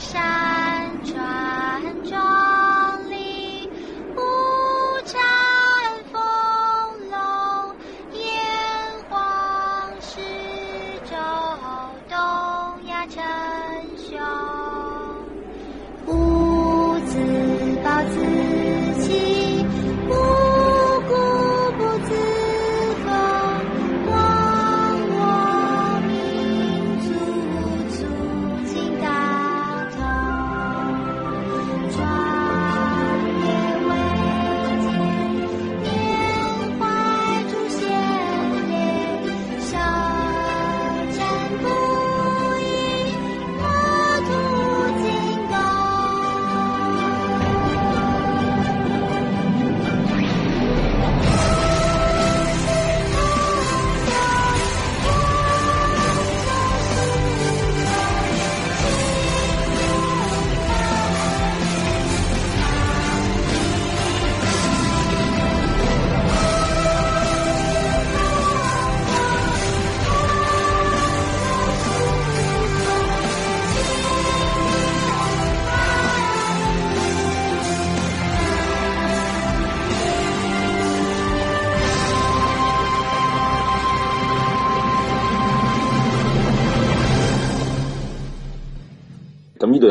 沙。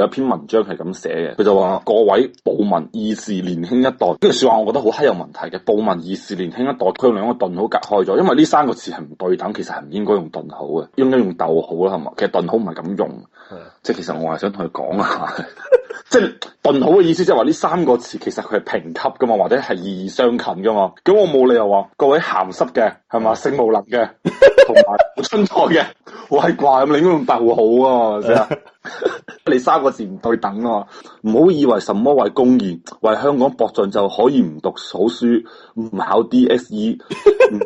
篇文章係咁寫嘅，佢就話各位暴民、義士、年輕一代，呢句說話我覺得好黑有問題嘅。暴民、義士、年輕一代，佢用兩個頓號隔開咗，因為呢三個詞係唔對等，其實係唔應該用頓號嘅，應該用逗號啦，係嘛？其實頓號唔係咁用，即係其實我係想同佢講啊。即係頓號嘅意思，即係話呢三個詞其實佢係平級噶嘛，或者係意義相近噶嘛。咁我冇理由話各位鹹濕嘅係嘛，性無能嘅，同埋春台嘅，我係怪咁，你應該用逗號啊。 你三個字唔對等喎，哦，唔好以為什麼為公義、為香港博盡就可以唔讀好書，唔考 DSE、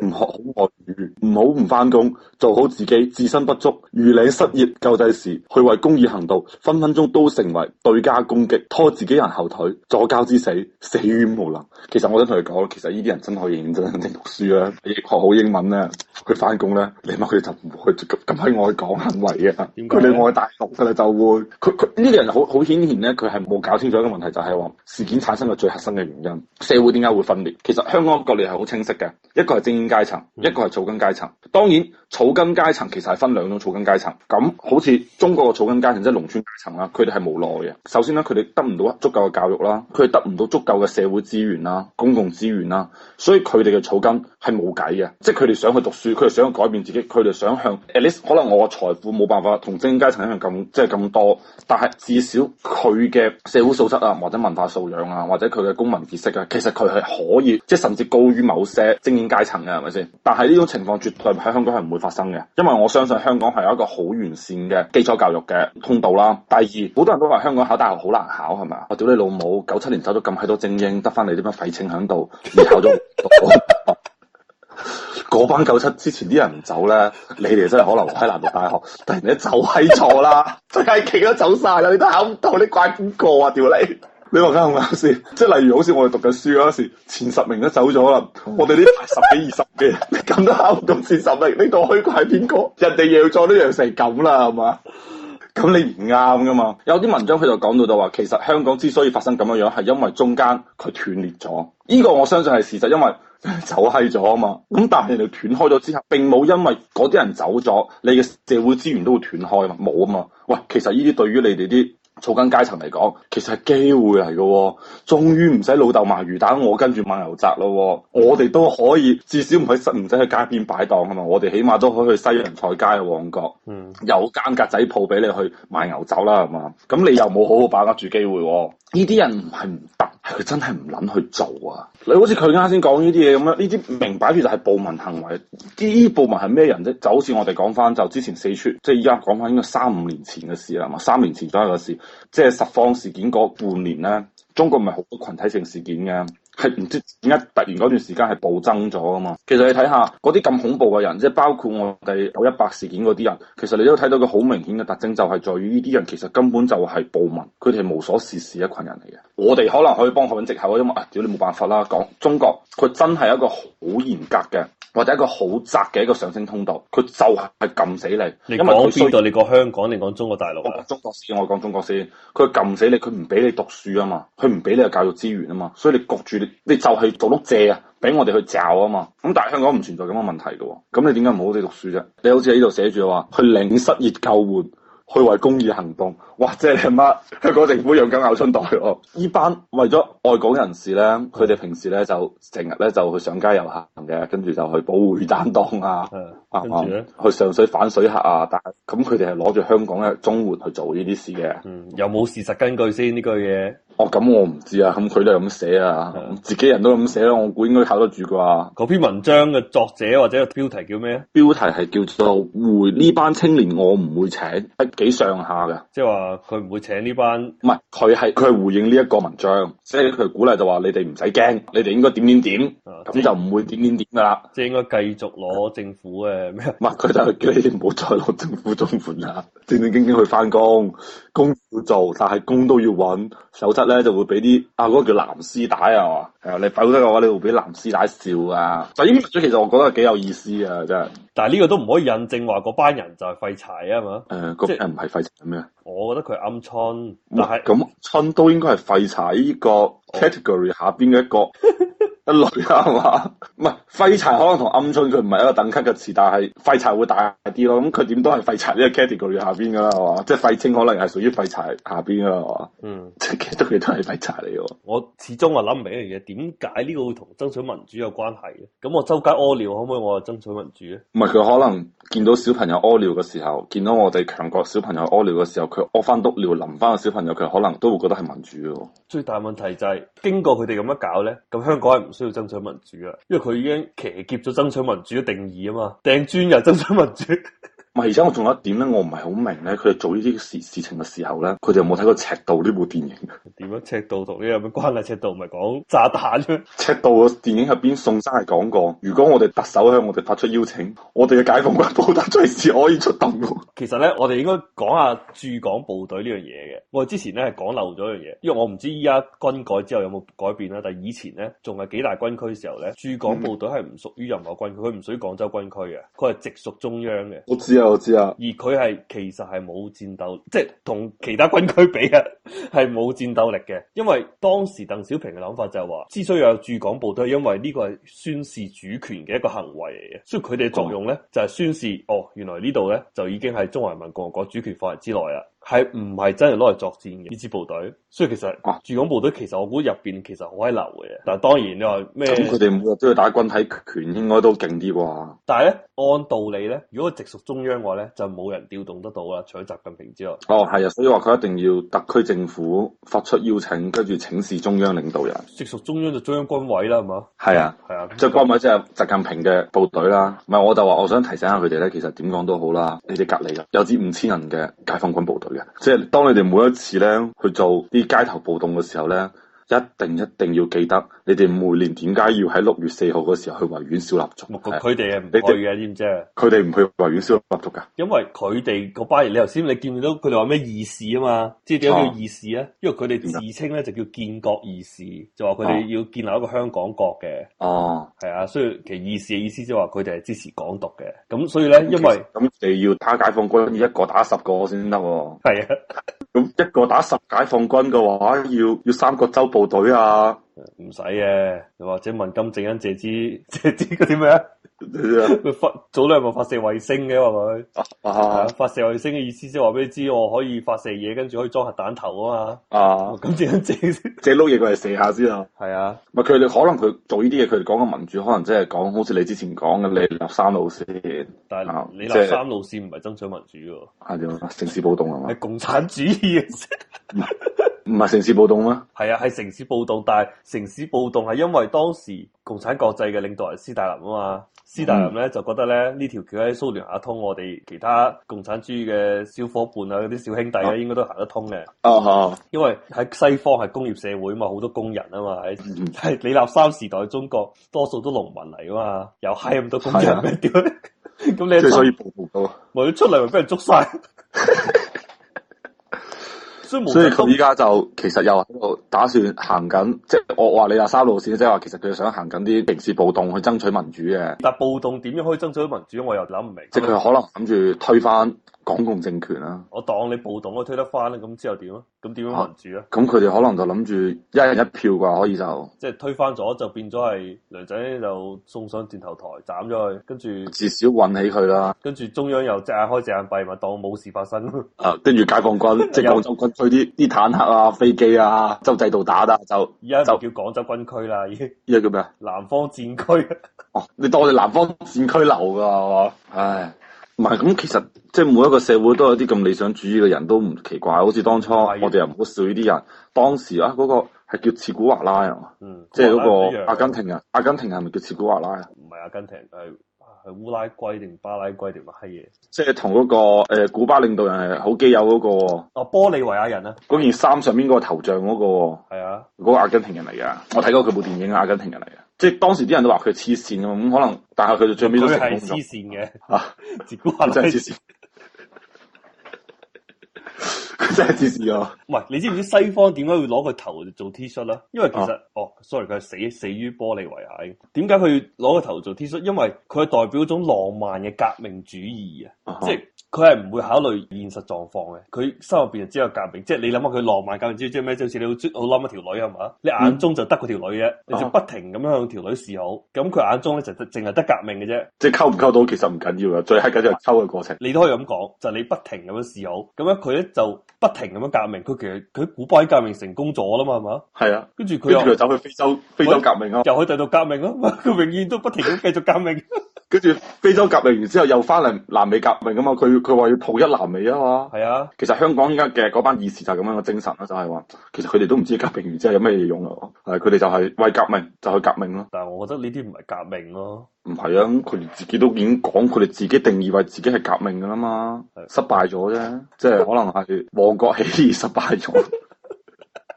唔學好外語，唔好唔翻工。做好自己，自身不足，如你失業，救濟時去為公義行道，分分鐘都成為對家攻擊，拖自己人後腿，助教之死，死於無能。其實我想同佢講，其實呢啲人真可以認真啲讀書啦、啊，學好英文咧，去翻工咧，你問佢哋就唔去咁閪愛講行為啊，佢哋愛大陸，佢哋就會，佢佢呢啲人好好顯現咧，佢係冇搞清楚一個問題，就係、是、話事件產生嘅最核心嘅原因，社會點解會分裂？其實香港嘅割裂係好清晰嘅，一個係精英階層，一個係草，草根階層，當然草。草根階層其實係分兩種草根階層，咁好似中國嘅草根階層即係農村階層啦，佢哋係無奈嘅。首先咧，佢哋得唔到足夠嘅教育啦，佢哋得唔到足夠嘅社會資源啦、公共資源啦，所以佢哋嘅草根係冇計嘅。即係佢哋想去讀書，佢哋想改變自己，佢哋想向 at least 可能我嘅財富冇辦法同精英階層一樣咁即係咁多，但係至少佢嘅社會素質啊，或者文化素養啊，或者佢嘅公民意識啊，其實佢係可以即係甚至高於某些精英階層嘅，係咪先？但係呢種情況絕對喺香港係唔會發生。因為我相信香港係有一個好完善嘅基礎教育嘅通道啦。第二，好多人都話香港考大學好難考，係咪啊？我屌你老母，九七年走咗咁閪多精英，得翻你啲乜廢青喺度， 你考到。嗰班九七之前啲人唔走咧，你哋真係可能喺南大讀大學，但係你走喺錯啦，真係企都走晒啦，你都考唔到，你怪邊個啊？屌你！你話梗係唔啱，先，即 係例如好似我哋讀緊書嗰時，前十名都走咗啦， 我哋呢排十幾 二十嘅咁都考唔到前十名，呢度可以怪邊個？人哋搖咗呢樣成咁啦，係嘛？咁 你唔啱噶嘛？有啲文章佢就講到就話，其實香港之所以發生咁樣樣，係因為中間佢斷裂咗，呢、這個我相信係事實，因為走閪咗啊嘛。咁但係人哋斷開咗之後，並冇因為嗰啲人走咗，你嘅社會資源都會斷開啊嘛，冇啊嘛。喂，其實呢啲對於你哋啲。草根階層嚟講，其實係機會嚟嘅喎，終於唔使老豆賣魚蛋，我跟住賣牛雜咯，哦。 我哋都可以，至少唔使唔使喺街邊擺檔啊嘛。我哋起碼都可以去西洋菜街、旺角， 有間格仔鋪俾你去賣牛雜啦，係嘛？咁你又冇好好把握住機會，哦，呢啲 人唔係唔～佢真係唔諗去做啊！你好似佢啱先講呢啲嘢咁樣，呢啲明擺住就係暴民行為。啲暴民係咩人啫？就好似我哋講翻，就之前四川，即係而家講翻應該三五年前嘅事啦，嘛，三年前都有嘅事，即係什邡事件嗰半年咧，中國唔係好多群體性事件嘅。係唔知點解突然嗰段時間係暴增咗啊嘛？其實你睇下嗰啲咁恐怖嘅人，即係包括我哋九一八事件嗰啲人，其實你都睇到個好明顯嘅特徵，就係在於呢啲人其實根本就係暴民，佢哋係無所事事一群人嚟嘅。我哋可能可以幫佢揾藉口，因為啊，屌、哎、你冇辦法啦。講中國，佢真係一個好嚴格嘅，或者一個好窄嘅一個上升通道，佢就係撳死你。你講因為我知道你講香港？你講中國大陸啊？中國先，我講中國先。佢撳死你，佢唔俾你讀書啊嘛，佢唔俾你嘅教育資源啊嘛，所以你焗住你，你就係做碌蔗啊，俾我哋去嚼啊嘛。咁但係香港唔存在咁嘅問題嘅，咁你點解唔好好哋讀書啫？你好似喺呢度寫住話去領失業救援，去為公益行動。哇！即係你媽，香港政府養狗咬春袋哦！呢班為咗外港人士咧，佢哋平時咧就成日咧就去上街遊客嘅，跟住就去保護擔當啊，去上水反水客啊！但係咁佢哋係攞住香港嘅綜援去做呢啲事嘅。嗯，有冇事實根據先呢句嘢？哦，咁我唔知啊，咁佢哋咁寫啊，自己人都咁寫啦，我估應該靠得住啩？嗰篇文章嘅作者或者個標題叫咩？標題係叫做《回呢班青年我唔會請》。幾上下嘅？即係話。佢唔會請呢班，唔係佢係佢係回應呢一個文章，即係佢鼓勵就話你哋唔使驚，你哋應該點點點，咁就唔會點點點噶啦，啊、了即係應該繼續攞政府嘅咩？唔係佢就叫你哋唔好再攞政府綜援啦，正正經經，經去翻工，工要做，但係工都要揾，否則咧就會俾啲啊嗰、那個叫藍絲帶啊嘛。是係你否得嘅話，你會俾男師奶笑啊。就呢啲其實我覺得係幾有意思啊，真係。但係呢個都唔可以印證話嗰班人就係廢柴啊嘛。誒、呃，啲係唔係廢柴咩？我覺得佢鵪鶉，但係咁鶉都應該係廢柴呢個 category 下邊嘅一個、哦。 一類啊，係嘛？唔係廢柴可能同鵪鶉佢唔係一個等級嘅詞，但係廢柴會大啲咯。咁佢點都係廢柴呢個 category 下邊噶啦，係嘛？即係廢青可能係屬於廢柴下邊噶啦，係嘛？嗯，即係都佢都係廢柴嚟嘅。我始終我諗唔明一樣嘢，點解呢個會同爭取民主有關係嘅？咁我周街屙尿可唔可以我係爭取民主咧？唔係佢可能見到小朋友屙尿嘅時候，見到我哋強國小朋友屙尿嘅時候，佢屙翻督尿淋翻個小朋友，佢可能都會覺得係民主嘅。最大問題就係、是、經過佢哋咁樣搞咧，咁香港人。需要爭取民主啊，因為佢已經騎劫咗爭取民主嘅定義啊嘛，掟磚又爭取民主。 而且我仲有一點咧，我唔係好明咧，佢哋做呢啲事事情嘅時候咧，佢哋有冇睇過赤道呢部電影？點樣赤道同呢有咩關係？赤道唔係講炸彈咩？赤道嘅電影入邊，宋生係講過，如果我哋特首向我哋發出邀請，我哋嘅解放軍部隊隨時可以出動嘅。其實咧，我哋應該講下駐港部隊呢樣嘢嘅，我之前咧係講漏咗樣嘢，因為我唔知依家軍改之後有冇改變啦。但係以前咧，仲係幾大軍區嘅時候咧，駐港部隊係唔屬於任何軍區，佢唔屬於廣州軍區嘅，佢係直屬中央嘅。我知啊。我知啊，而佢係其實係冇戰鬥，即係同其他軍區比嘅係冇戰鬥力嘅，因為當時鄧小平嘅諗法就係話，之所以有駐港部隊，因為呢個係宣示主權嘅一個行為嚟嘅，所以佢哋嘅作用咧就係、是、宣示哦，哦，原來呢度咧就已經係中華人民共和國主權範圍之內喇。係唔係真係攞嚟作戰嘅呢支部隊？所以其實啊，駐港部隊其實我估入邊其實好閪流嘅。但係當然你話咩？佢哋每日都要打軍體拳，應該都勁啲啩？但係咧，按道理咧，如果直屬中央嘅話咧，就冇人調動得到啦，除咗習近平之外。哦，係啊，所以話佢一定要特區政府發出邀請，跟住請示中央領導人。直屬中央就中央軍委啦，係嘛？係啊，係啊，即係軍委即係習近平嘅部隊啦。唔係，我就話我想提醒下佢哋咧，其實點講都好啦，你哋隔離嘅有支五千人嘅解放軍部隊。即係當你哋每一次咧去做啲街頭暴動嘅時候咧。一定一定要記得，你哋每年點解要喺六月四號嗰時候去維園燒蠟燭？佢哋唔畀對嘅知唔知啊？佢哋唔去維園燒蠟燭噶，因為佢哋嗰班人，你頭先你見唔到佢哋話咩義士啊嘛，即點叫義士啊？因為佢哋自稱咧就叫建國義士，就話佢哋要建立一個香港國嘅。哦、啊，係啊，所以其實義士嘅意思即係話佢哋係支持港獨嘅。咁所以咧，因為咁你哋要打解放軍要一個打十個先得喎。係啊。咁一個打十解放軍嘅話，要要三個州部隊啊！唔使嘅，又或者問金正恩借支借支嗰啲咩？啊，佢發早兩日發射衛星嘅話，佢啊發射衛星嘅意思即係話俾你知，我可以發射嘢，跟住可以裝核彈頭啊嘛。啊，咁正恩借借碌嘢過嚟射下先啊。係啊，係佢可能佢做呢啲嘢，佢哋講嘅民主可能即係講，好似你之前講嘅，你立三路線。啊、但係你立三路線唔係爭取民主嘅，係點、就是、啊？政治暴動係嘛？係共產主義。 唔係城市暴動咩？係啊，係城市暴動，但係城市暴動係因為當時共產國際嘅領導人斯大林啊嘛，斯大林咧、嗯、就覺得咧，呢條橋喺蘇聯行得通，我哋其他共產主義嘅小夥伴啊，嗰啲小兄弟啊，哦、應該都行得通嘅、哦。哦，因為喺西方係工業社會嘛，好多工人啊嘛，喺喺、嗯、李立三時代中國，多數都農民嚟啊嘛，又係咁多工人咩？啊，點咧？咁 你可以暴暴到，冇出嚟咪俾人捉晒。所以佢依家就其實又喺度打算行緊，即係我話你阿沙路線，即係話其實佢想行緊啲刑事暴動去爭取民主嘅。但係暴動點樣可以爭取民主，我又諗唔明。即係佢可能諗住推翻。港共政權啦、啊，我當你暴動，我推得翻咧，咁之後點啊？咁點樣民主啊？咁佢哋可能就諗住一人一票啩，可以就即係推翻咗，就變咗係梁仔就送上斷頭台斬咗佢，跟住至少穩起佢啦。跟住中央又隻眼開隻眼閉，咪當冇事發生。誒、啊，跟住解放軍即係廣州軍推啲啲坦克啊、飛機啊，周制度打啦就。而家就叫廣州軍區啦，依依家叫咩啊？南方戰區。 哦，你當我哋南方戰區流噶係嘛？唉，唔係咁其實。即係每一個社會都有啲咁理想主義嘅人都唔奇怪，好似當初我哋又唔好少呢啲人。當時啊，嗰個係叫切古華拉啊，嘛，即係嗰個阿根廷人。阿根廷人係咪叫切古華拉啊？唔係阿根廷，係係烏拉圭定巴拉圭定乜閪嘢？即係同嗰個誒古巴領導人係好基友嗰個。哦，玻利維亞人啊！嗰件衫上面嗰個頭像嗰個係啊，嗰個阿根廷人嚟噶。我睇過佢部電影，阿根廷人嚟嘅。即係當時啲人都話佢黐線啊，咁可能，但係佢就最尾都成功係黐線嘅。啊，切古華真係黐線。即係 T 恤咯，唔係 你知唔知西方點解會攞佢頭做 T 恤啦？因為其實，哦、啊 oh,，sorry，佢係死死於玻利維亞嘅。點解佢要攞個頭做 T 恤？因為佢係代表一種浪漫嘅革命主義啊哈，即係。佢係唔會考慮現實狀況嘅，佢心入邊就只有革命。即係你諗下，佢浪漫革命主要即係咩？就好似你好好諗一條女係嘛？你眼中就得嗰條女嘅，啊、你就不停咁樣向條女示好。咁佢眼中咧就淨係得革命嘅啫。即係溝唔溝到其實唔緊要嘅，最閪緊就係溝嘅過程。你都可以咁講，就係、你不停咁樣示好，咁咧佢咧就不停咁樣革命。佢其實佢古巴喺革命成功咗啦嘛，係嘛？係啊，跟住佢又走去非洲，非洲革命啊，又可以去到革命啊，佢永遠都不停咁繼續革命。 跟住非洲革命完之後又翻嚟南美革命噶嘛，佢，佢話要統一南美啊嘛。係啊，其實香港依家嘅嗰班義士就係咁樣嘅精神咯，啊，就係，是，話其實佢哋都唔知革命完之後有咩嘢用咯，啊，係佢哋就係為革命就去革命咯。但係我覺得呢啲唔係革命咯。唔係啊，佢連，啊、自己都已經講佢哋自己定義為自己係革命噶啦嘛，的失敗咗啫，即係可能係旺角起義失敗咗。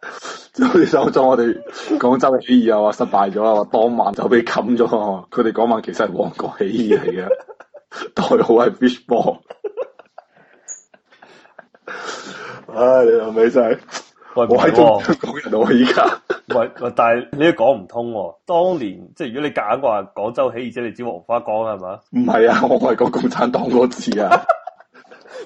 好似當初我哋廣州起義啊，話失敗咗啊，話當晚就俾冚咗。佢哋嗰晚其實係旺角起義嚟嘅， 代號係 Fishball。唉、 哎，你又咩晒，喂我喺中香港人，喂我而家喂，喂，但係你都講唔通。當年即係如果你夾硬話廣州起義，者，你知黃花崗係嘛？唔係啊，我係講共產黨嗰次啊。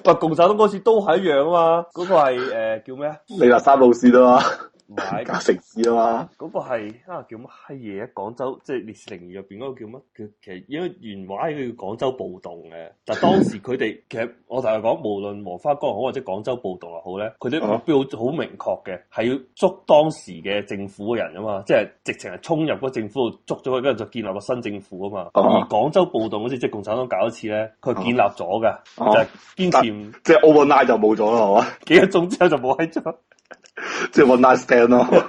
唔係共產黨嗰次都係一樣啊嘛，嗰、那個係、呃、叫咩啊？李立三路線啊嘛。.唔係革命史啊嘛，嗰個係啊叫乜閪嘢啊？廣州即係烈士陵園入邊嗰個、啊、叫乜？其、啊啊啊、其實因為原話佢叫廣州暴動嘅，但當時佢哋其實我同佢講，無論黃花崗好或者廣州暴動又好咧，佢啲目標好明確嘅，係、啊、要捉當時嘅政府嘅人啊嘛，即係直情係衝入嗰政府度捉咗佢，跟住就建立個新政府啊嘛。而廣州暴動嗰次即係共產黨搞一次咧，佢建立咗嘅，啊啊、就堅持。即係 overnight 就冇咗啦，係嘛？幾個鐘之後就冇喺度。 即係 one night stand 咯、哦，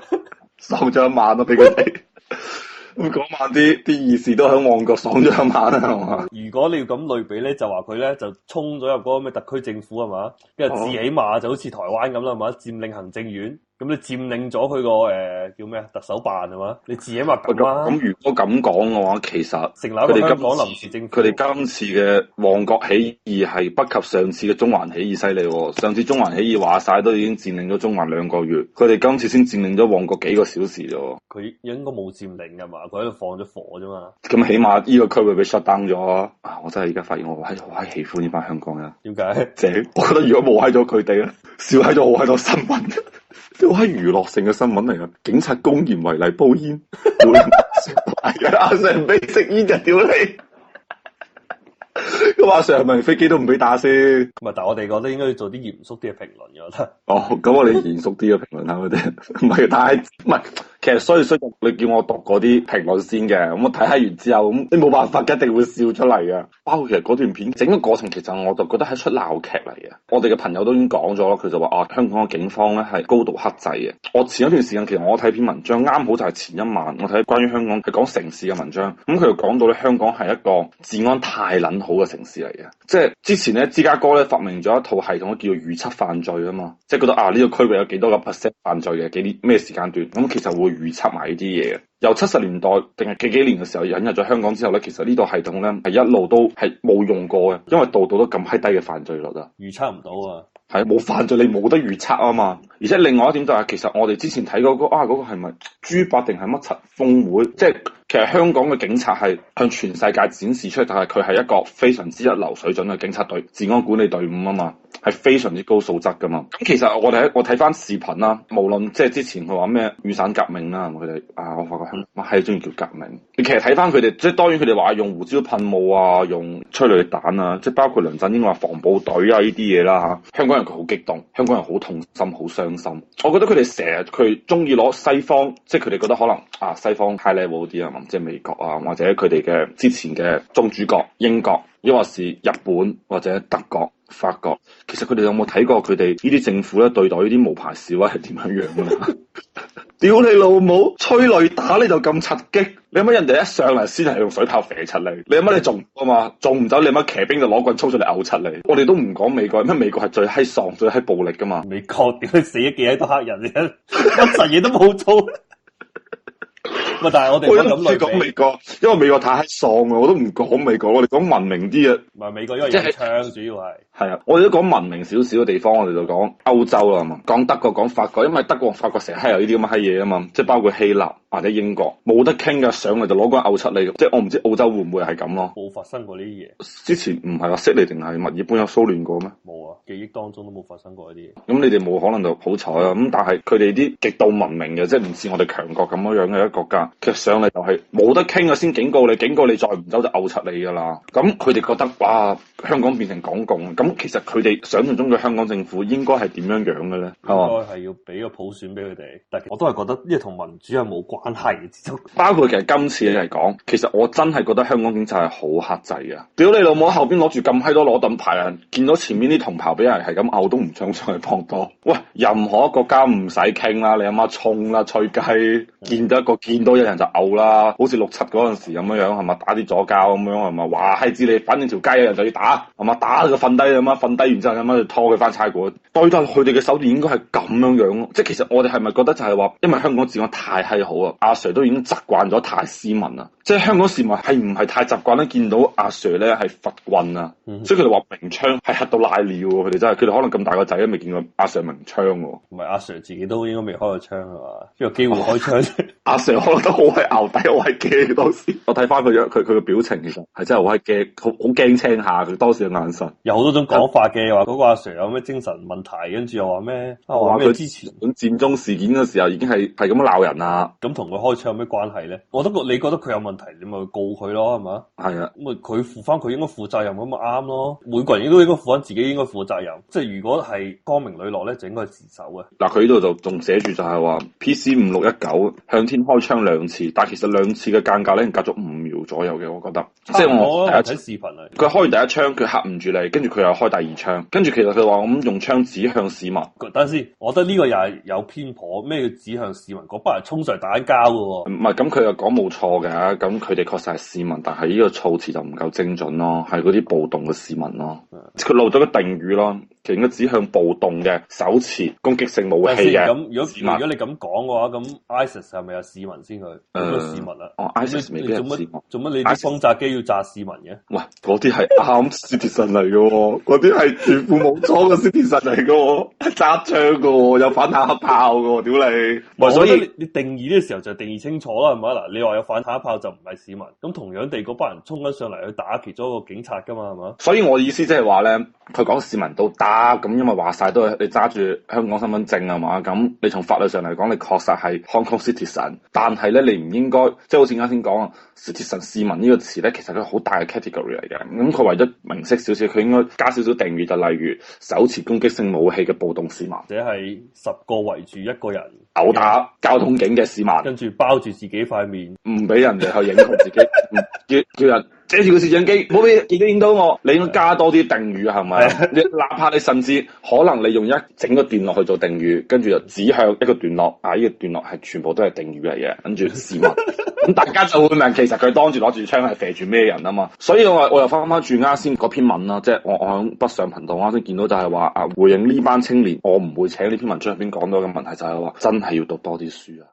爽 咗一晚都俾佢哋，咁講埋啲啲意思都喺旺角爽咗一晚啦，係嘛？如果你要咁類比咧，就話佢咧就衝咗入嗰個咩特區政府係嘛，跟住至起碼就好似台灣咁啦，係嘛？佔領行政院。咁你佔領咗佢個誒叫咩啊？特首辦係嘛？你自己咪得啦。咁如果咁講嘅話，其實佢哋今次佢哋今次嘅旺角起義係不及上次嘅中環起義犀利喎。上次中環起義話晒都已經佔領咗中環兩個月，佢哋今次先佔領咗旺角幾個小時啫。佢應該冇佔領㗎嘛？佢喺度放咗火啫嘛。咁起碼呢個區域被 shut down 咗。啊！我真係而家發現我喺度，好閪喜歡呢班香港人。點解？姐，我覺得如果冇喺咗佢哋咧，少喺咗好多新聞。都係娛樂性嘅新聞嚟啊！警察公然違例煲煙， 阿 Sir 唔俾食煙就屌你。咁 阿 Sir 係咪飛機都唔俾打先？唔係，但係我哋覺得應該要做啲嚴肅啲嘅評論。我覺得，哦、 oh,，咁我哋嚴肅啲嘅評論下佢哋，唔係，太。唔係。其實所以所以，你叫我讀嗰啲評論先嘅，咁我睇下完之後，咁你冇辦法一定會笑出嚟嘅。包括啊其實嗰段片整個過程，其實我就覺得係出鬧劇嚟嘅。我哋嘅朋友都已經講咗咯，佢就話啊，香港嘅警方咧係高度克制嘅。我前一段時間，其實我睇篇文章，啱好就係前一晚，我睇關於香港係講城市嘅文章，咁佢就講到咧香港係一個治安太捻好嘅城市嚟嘅。即係之前咧芝加哥咧發明咗一套系統，叫做預測犯罪啊嘛，即係覺得啊呢、這個區域有幾多個 percent 犯罪嘅，幾啲咩時間段，咁、嗯、其實會。預測埋呢啲嘢嘅。由七十年代定係幾幾年嘅時候引入咗香港之後咧，其實呢個系統咧係一路都係冇用過嘅，因為度度都咁閪低嘅犯罪率啊！預測唔到啊，係冇犯罪你冇得預測啊嘛。而且另外一點就係、是、其實我哋之前睇過嗰、那個啊嗰、那個係咪豬八定係乜七峰會？即係、就是、其實香港嘅警察係向全世界展示出嚟，但係佢係一個非常之一流水準嘅警察隊治安管理隊伍啊嘛，係非常之高素質㗎嘛。咁其實我哋我睇翻視頻啦、啊，無論即係之前佢話咩雨傘革命啦、啊，佢哋啊，我發覺。我係中意叫革命。你其實睇翻佢哋，即係當然佢哋話用胡椒噴霧啊，用催淚彈啊，即係包括梁振英話防暴隊啊呢啲嘢啦嚇。香港人佢好激動，香港人好痛心，好傷心。我覺得佢哋成日佢中意攞西方，即係佢哋覺得可能啊西方太 high level 啲啊，即係美國啊，或者佢哋嘅之前嘅宗主國英國，抑或、這個、是日本或者德國、法國。其實佢哋有冇睇過佢哋呢啲政府咧對待呢啲無牌示威係點樣樣嘅咧？right 屌你老母，催淚打你就咁刺激，你乜人哋一上嚟先係用水炮射出嚟，你乜你仲，啊嘛？仲唔走你乜騎兵就攞棍衝出嚟毆出嚟，我哋都唔講美國，乜美國係最閪喪最閪暴力噶嘛？美國屌你死咗幾多黑人啊？乜實嘢都冇做。 喂，但係我哋唔敢講美國，因為美國太喪啊。我都唔講美國，我哋講文明啲啊。唔係美國，因為即係唱、就是、主要係。係啊，我哋都講文明少少嘅地方，我哋就講歐洲啦，係嘛，講德國、講法國，因為德國、法國成日有呢啲咁嘅閪嘢啊嘛，即係包括希臘。或者英國冇得傾嘅，上嚟就攞個 OC 嚟，即係我唔知澳洲會唔會係咁咯？冇發生過呢啲嘢。之前唔係話，悉尼定係墨爾本有騷亂過咩？冇啊，記憶當中都冇發生過呢啲嘢。咁、嗯、你哋冇可能就好彩啊。咁但係佢哋啲極度文明嘅，即係唔似我哋強國咁樣樣嘅一個國家，其實上嚟就係冇得傾啊，先警告你，警告你再唔走就 OC 你㗎啦。咁佢哋覺得哇，香港變成港共，咁、嗯嗯、其實佢哋想像中嘅香港政府應該係點樣樣嘅咧？應該係要俾個普選俾佢哋，但係我都係覺得呢個同民主係冇關。係，包括其實今次嚟講，其實我真係覺得香港警察係好克制嘅。屌你老母後邊攞住咁閪多攞凳排人，見到前面啲同袍俾人係咁嘔都唔想出去幫多。喂，任何一個國家唔使傾啦，你阿媽衝啦，吹、啊、雞！見到一個見到有人就嘔啦，好似六七嗰陣時咁樣樣係咪？打啲左交咁樣係咪？話閪知你，反正條街有人就要打，係咪？打佢瞓低啊嘛，瞓低完之後咁樣就拖佢翻差館。對得，佢哋嘅手段應該係咁樣樣咯。即係其實我哋係咪覺得就係話，因為香港治安太閪好啊？阿 Sir 都已經習慣咗太斯文啦。即係香港市民係唔係太習慣咧見到阿 Sir 咧係佛棍啊，嗯、哼所以佢哋話鳴槍係嚇到賴尿喎，佢哋真係佢哋可能咁大個仔都未見過阿 Sir 鳴槍喎、啊。唔係阿 Sir 自己都應該未開過槍係嘛？邊有機會開槍。我 阿 Sir 可能都好係牛底， 我係驚當時。 我睇翻佢樣，佢佢個表情其實係真係好係驚，好好驚青下佢當時嘅眼神。有好多種講法嘅，話嗰個阿 Sir 有咩精神問題，跟住又話咩話佢之前咁佔中事件嘅時候已經係係咁樣鬧人啊。咁同佢開槍有咩關係咧？我都覺得你覺得佢有問題。問題你咪告佢咯，係咪？係啊，咁佢負翻佢應該負責任，咁咪啱咯。每個人都應該應該負翻自己應該負責任。即係如果係光明磊落咧，整個自首嘅。嗱，佢呢度就仲寫住就係話 PC 五六一九向天開槍兩次，但係其實兩次嘅間隔咧隔咗五秒左右嘅，我覺得。即係我睇視頻啊，佢開第一槍，佢吓唔住你，跟住佢又開第二槍，跟住其實佢話咁用槍指向市民。但係我覺得呢個又係有偏頗，咩叫指向市民？嗰班人衝上嚟打交噶喎。唔係、嗯，咁佢又講冇錯嘅。咁佢哋確實係市民，但係呢個措辭就唔夠精準咯，係嗰啲暴動嘅市民咯，佢漏咗個定語咯。佢應該指向暴動嘅手持攻擊性武器嘅，咁如果如果你咁講嘅話，咁 ISIS 係咪有市民先去？嗯，市民啊，哦，ISIS 未必係做乜你啲轟炸機要炸市民嘅？喂，嗰啲係啱先烈士嚟嘅喎。嗰啲係全副武裝嘅先烈士嚟嘅喎，揸槍嘅喎，有反坦克炮嘅喎，屌你！所以你定義呢個時候就定義清楚啦，係咪？嗱，你話有反坦克炮就唔係市民。咁同樣地，嗰班人衝咗上嚟去打其中一個警察㗎嘛，係嘛？所以我意思即係話咧，佢講市民都啊，咁因為話晒都係你揸住香港身份證啊嘛，咁你從法律上嚟講，你確實係 Hong Kong citizen，但係咧你唔應該，即係好似啱先講啊，citizen 市民呢個詞咧，其實都好大嘅 category 嚟嘅，咁佢為咗明晰少少，佢應該加少少定義，就例如手持攻擊性武器嘅暴動市民，或者係十個圍住一個人毆打交通警嘅市民，跟住包住自己塊面，唔俾人哋去影到自己， 叫叫人。遮住個攝像機，唔好俾記者影到我。你應該加多啲定語係咪？你 哪怕你甚至可能你用一整個段落去做定語，跟住就指向一個段落。啊，呢、這個段落係全部都係定語嚟嘅，跟住市民。咁 大家就會明，其實佢當住攞住槍係射住咩人啊嘛。所以我我又翻翻轉啱先嗰篇文啦、啊，即係我我響北上頻道啱、啊、先見到就係話啊回應呢班青年，我唔會請呢篇文章入邊講到嘅問題就是就是，就係話真係要讀多啲書啊。